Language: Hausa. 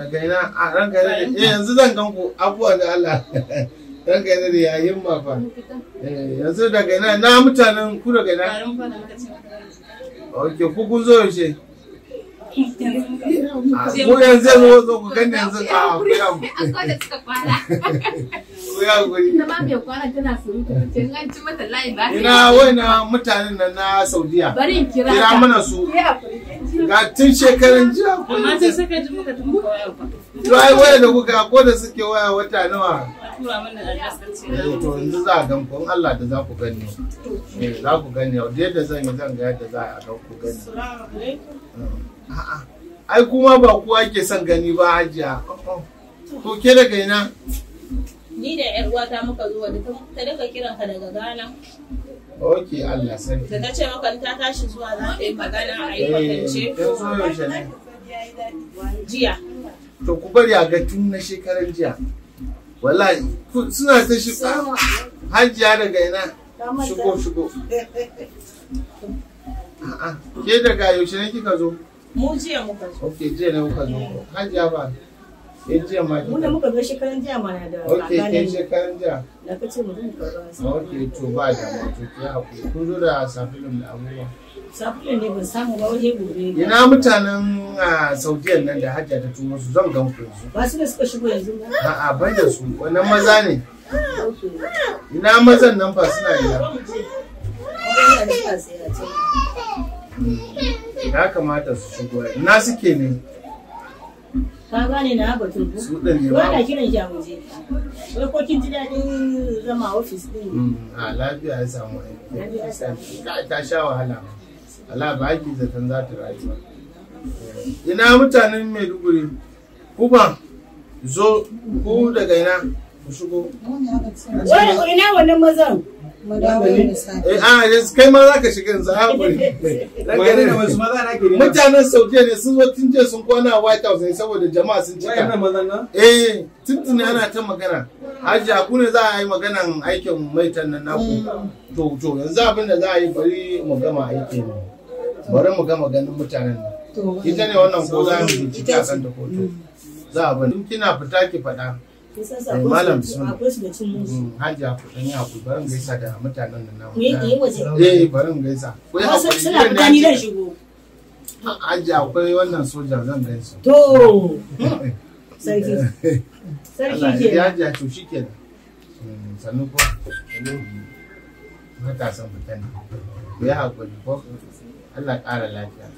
Eh, yanzu zan gan ku abuwa da Allah ranka yana da yayin mafa eh, yanzu daga ina na mutanen ku daga ina ku kun zo yaushe ah, ku yanzu yanzu zo ku gani yanzu a ah, ku ya ku ya ku ita ma mai kwana tana surutu tun an ci mata layi ba ina waina mutanen nan na saudiya bari kira mana su ga tun shekaran jiya ko amma sai ji muka tun muka waya ba to ai waya da kuka ko da suke waya wata nawa tura mana eh, to yanzu za a gan In Allah da za ku gani eh za ku gani da zan yi zan ga yadda za a gan ku gani assalamu alaikum eh. a'a ai kuma ba kowa ke son gani ba hajiya oh, oh. to ke daga ina ni da yar uwata muka zo da ta daga kiran ka daga Ghana Ok, Allah sani. Da ta ce maka ta tashi zuwa za a yi magana a yi eh, kwatance. ko zo yaushe ne? Jiya. To ku bari a ga tun na shekarar jiya. Wallahi suna ta ba. hajiya daga ina shigo shigo. A'a, ke daga yaushe ne kika zo? Mu jiya muka zo. Ok, jiya ne muka zo. Hajiya ba. in jiya ma muna muka ga shekaran jiya ma na da ok kai shekaran jiya da ka ce mu zan karba ok to ba da ma to ki hakuri kun zo da safilin da abubuwa safilin ne ban samu ba waje gobe ina mutanen saudiyan nan da hajja ta tuno su zan gan ku yanzu ba su da suka shigo yanzu ba a'a bai da su wannan maza ne ina mazan nan fa suna ina hmm, ya kamata su shigo ina suke ne ka gane na batun ba na kiran shi a waje wai ko kin ji daɗin zama ofis ɗin mm, a lafiya ya samu ta sha wahala ala ba ki zaton za ta rayuwa ina mutanen maiduguri kuma zo ku daga ina ku shigo ina wannan mazan mu dawo eh, ah, kai ma za ka shiga yanzu a ah, bari dangane da wasu maza na gari mutanen Saudiya ne sun zo tun je sun kwana White House ne saboda jama'a sun cika wayannan mazan nan eh tuntuni ana ta magana Hajji a ne za a yi maganan aikin maitan nan naku mm. to to yanzu abin da za a yi bari mu gama aiki aikin bari mu gama ganin mutanen nan ita ne wannan ko za mu bincika kan da hoto mm. za a bari kina fita ki faɗa malam hajiya ku dan yi hakuri barin gaisa da mutanen nan namu eh, eh barin gaisa ku yi hakuri suna fita ni zan shigo hajiya akwai wannan soja zan gaisa to eh, sarki eh, sarki ke hajiya to shikenan mm, sannu ko matasan mutane ku yi hakuri ko Allah ƙara lafiya